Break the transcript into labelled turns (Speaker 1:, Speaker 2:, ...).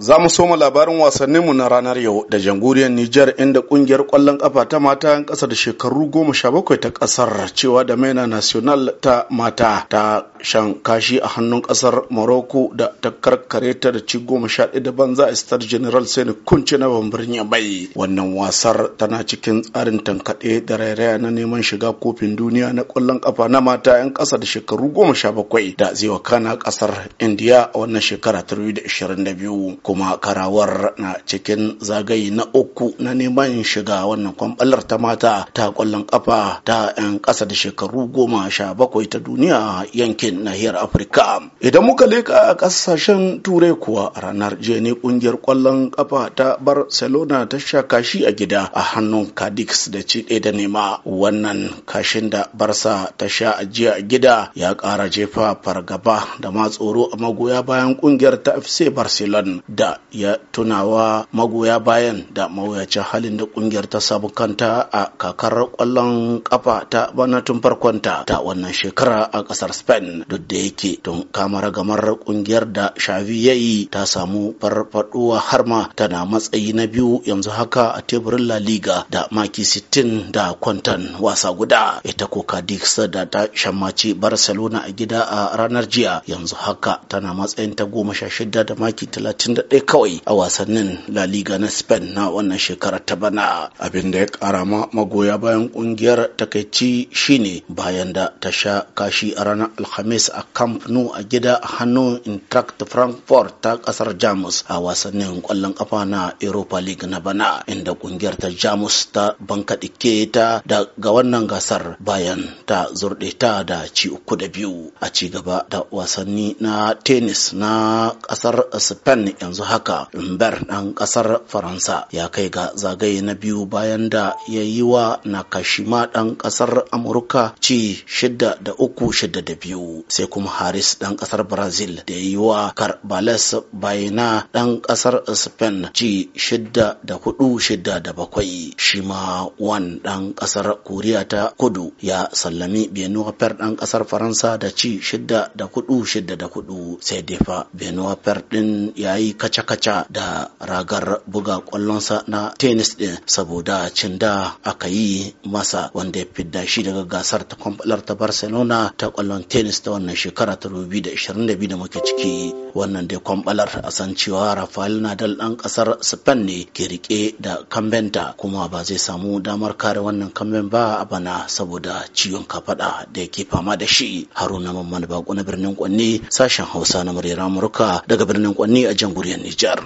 Speaker 1: Za mu soma labarin wasannin mu na ranar yau da jamhuriyar Nijar inda kungiyar kwallon kafa ta mata yan kasa da shekaru goma sha bakwai ta kasar cewa da maina national ta mata ta shan kashi a hannun kasar Morocco da ta karkare ta da ci goma sha ɗaya da banza Star General Sani Kunce na bambirin bai Wannan wasar tana cikin tsarin tankaɗe da rairaya na neman shiga kofin duniya na kwallon kafa na mata yan kasa da shekaru goma sha bakwai da zai wakana kasar india a wannan shekara ta kuma karawar na cikin zagayi na uku na neman shiga wannan kwambalar ta mata ta kwallon kafa ta 'yan kasa da shekaru goma sha bakwai ta duniya yankin nahiyar afirka idan muka leka ƙasashen turai kuwa ranar jiya ne ƙungiyar kwallon kafa ta barcelona ta sha kashi a gida a hannun cadix da ci ɗaya da nema wannan kashin da barsa ta sha a jiya a gida ya ƙara jefa fargaba da ma tsoro a magoya bayan ƙungiyar ta fc barcelona da ya tunawa magoya bayan da mawuyacin halin da kungiyar ta samu kanta a kakar kwallon kafa ta bana tun farkonta ta wannan shekara a kasar spain duk da yake tun kama ragamar kungiyar da shavi ya yi ta samu farfaduwa har ma tana matsayi na biyu yanzu haka a teburin la liga da maki 60 da kwantan wasa guda ita ko Cadix da ta shammaci Barcelona a gida a ranar jiya yanzu haka tana matsayin ta goma sha shida da maki talatin da ɗaya kawai a wasannin La Liga na Spain na wannan shekarar ta bana. Abin da ya ƙara ma magoya bayan ƙungiyar takaici shine bayan da ta sha kashi a ranar Alhamis a Camp Nou a gida hannun Intract Frankfurt ta ƙasar Jamus a wasannin ƙwallon ƙafa na Europa League na bana inda ƙungiyar ta Jamus ta bankaɗike ta daga wannan gasar bayan ta zurɗe ta da ci uku da biyu a ci gaba da wasanni na tennis na ƙasar Spain yanzu haka umber ɗan ƙasar faransa ya kai ga zagaye na biyu bayan da ya yi wa nakashima ɗan ƙasar amurka ci shidda da uku shidda da biyu sai kuma haris ɗan ƙasar brazil da ya yi wa karbales bayana ɗan ƙasar spain ci shidda da hudu shidda da bakwai shi wan ɗan ƙasar koriya ta kudu ya sallami benuwa ɗan ƙasar faransa da ci shidda da hudu shidda da hudu sai defa benuwa ɗin ya yi kaca-kaca da ragar buga kwallonsa na tennis din saboda cin da aka yi masa wanda ya fidda shi daga gasar ta kwamfalar ta barcelona ta kwallon tenis ta wannan shekara ta 2022 da muke ciki wannan dai kwamfalar a san cewa rafael nadal dan kasar spain ne ke rike da kambenta kuma ba zai samu damar kare wannan kamben ba a bana saboda ciwon kafada da yake fama da shi haruna mamman bako na birnin kwanne sashen hausa na muryar amurka daga birnin kwanne a jamhuriyar Niger.